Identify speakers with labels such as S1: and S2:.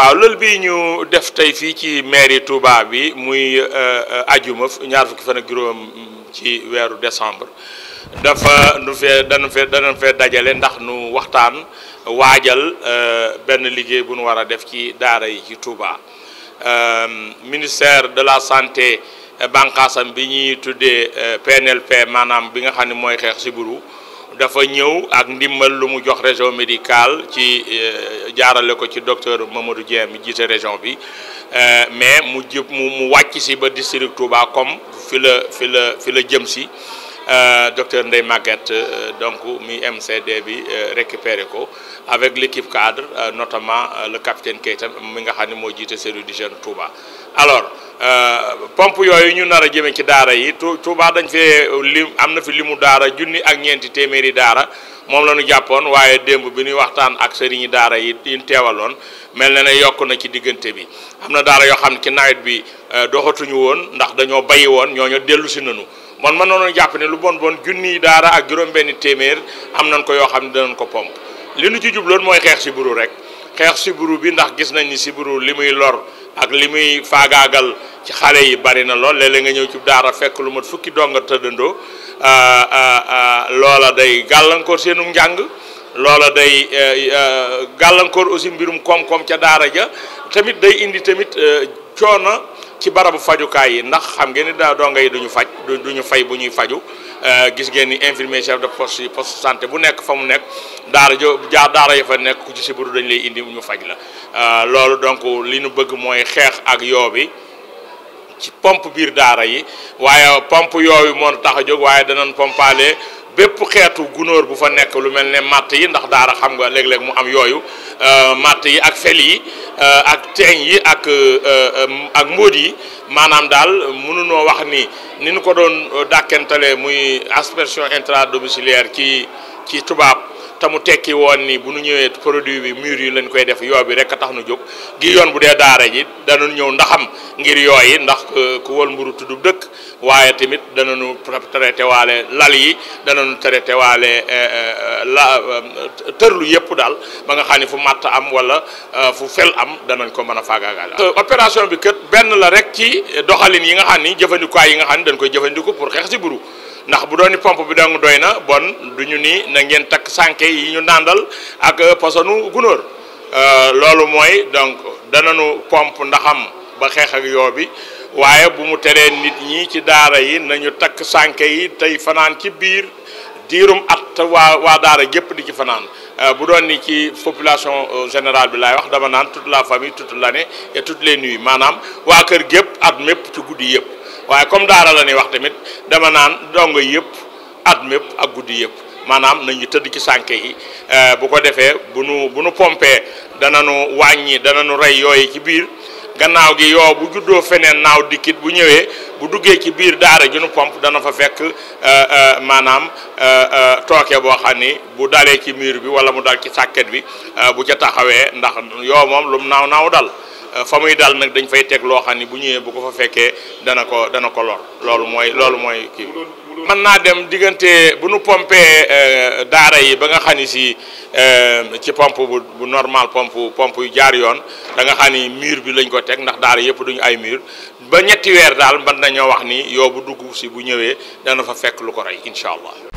S1: waaw loolu bi ñu def tey fii ci yi Touba bi muy euh, euh, ajuma ñaar fukki fan ak ci weeru décembre dafa nu fee dana fee dajale ndax nu waxtaan waajal euh, benn liggéey bu nu war a def ci daara yi ci Touba ministère de la santé bànqaasam bi ñuy tuddee PNLP maanaam bi nga xam ne mooy xeex sibbiru dafa ñëw ak ndimbal lu mu jox région médicale ci euh, jaarale ko ci docteur Mamadou Dieng mi jiite région bi euh, mais mu jëp mu mu wàcc si ba district Touba comme fi la fi la fi la jëm si Euh, docteur Ndeye Maguette euh, donc mi MCD bi euh, récupéré ko avec l'équipe cadre notamment le capitaine Keita mi nga xam ne moo jiite cellule du jeune Touba alors pompe yooyu ñu nar a jëmee ci daara yi Touba dañ fee lim am na fi limu daara junni ak ñeenti téeméeri daara moom la ñu jàppoon waaye démb bi ñuy waxtaan ak sëriñi daara yi ñu teewaloon mel na ne yokk na ci diggante bi am na daara yoo xam ne ci nawet bi doxatuñu woon ndax dañoo bayi woon ñooñu dellu si nañu man ma noonu jàpp ne lu bon bon junniy daara ak juróom-benni téeméer am nañ ko yoo xam ne danañ ko pomp li nu ci jubloon mooy xeex si buru rek xeex si buru bi ndax gis nañ ni si li muy lor ak li muy faagaagal ci xale yi bari na lool léeg-léeg nga ñëw ci daara fekk lu mat fukki donga tëddandoo ah, ah, ah, loola day gàllankoor seenum njàng loola day eh, eh, gàllankoor aussi mbirum koom-koom ca daara ja tamit day indi tamit eh, coono. ci barabu fajukaay yi ndax xam ngeen ni daa donga yi duñu faj duñu fay bu ñuy faju euh, gis ngeen ni infirmier chef de poste yi poste santé bu nekk fa mu nekk daara jo jaar daara ya fa nekk ku ci sibiru dañu lay indi ñu faj la euh, loolu donc li ñu bëgg mooy xeex ak yoo bi ci pompe biir daara yi waaye pompe yooyu moo tax a jóg waaye danañ pompaale bépp xeetu gunóor bu fa nekk lu mel ne matt yi ndax daara xam nga léeg-léeg mu am yooyu euh, matt yi ak fel yi euh, ak teeñ yi ak euh, ak mbóot yi maanaam daal mënunoo wax ni ni ñu ko doon dàkkentale muy aspersion intra domiciliaire ci ci tubaab te mu tekki woon ni bu nu ñëwee produit bi mur yi lañ koy def yoo bi rek a tax nu jóg gi yoon bu dee daara ji dana ñëw ndaxam ngir yooyi ndax ku wal mburu tuddu dëkk waaye tamit dana nu traité waale lal yi dana nu traité waale eh, eh, la eh, tërlu yëpp daal ba nga xam ne fu matt am wala fu fel am danañ ko mën a faagaagal. opération bi kët benn la rek ci doxalin yi nga xam ni jëfandikuwaay yi nga xam ni dañ koy jëfandiku pour xeex si mburu ndax bu doon na yi ñu nàndal ak euh, posonu gunóor euh, loolu mooy donc dananu pomp ndaxam ba xeex yoo bi waaye bu mu teree nit ñi ci daara yi nañu takk sànke yi tey fanaan ci biir diirum at waa waa daara jëpp di ci fanaan euh, bu doon ni ci population général bi laay wax dama naan toute la famille toute l'année et toutes les nuits maanaam waa kër gépp at mépp ci guddi yëpp waaye comme daara la ñuy wax tamit dama naan dongo yëpp at mépp ak guddi yëpp maanaam nañu tëdd ci sànke yi euh, bu ko defee bu nu bu nu pompee nu wàññi dana nu rey yooyu ci biir gannaaw gi yoo bu juddoo feneen naaw dikkit bu ñëwee bu duggee ci biir daara ju nu pomp dana fa fekk euh, euh, maanaam tooke boo xam ni bu dalee ci mur bi wala mu dal ci sàkket bi bu ca taxawee ndax yoo moom lum naaw naaw dal Euh, fa muy daal nag dañ fay teg loo xam ni bu ñëwee bu ko fa fekkee dana ko dana ko lor loolu mooy loolu mooy kii mën naa dem diggante bu nu pompee euh, daara yi ba nga xam ni si euh, ci pompe bu bu normal pomp pompe yu jaar yoon da nga xam ni mur bi lañ ko teg ndax daara yëpp duñu ay mur ba ñetti weer daal mën nañoo wax ni yow bu dugg si bu ñëwee dana fa fekk lu ko rey incha allah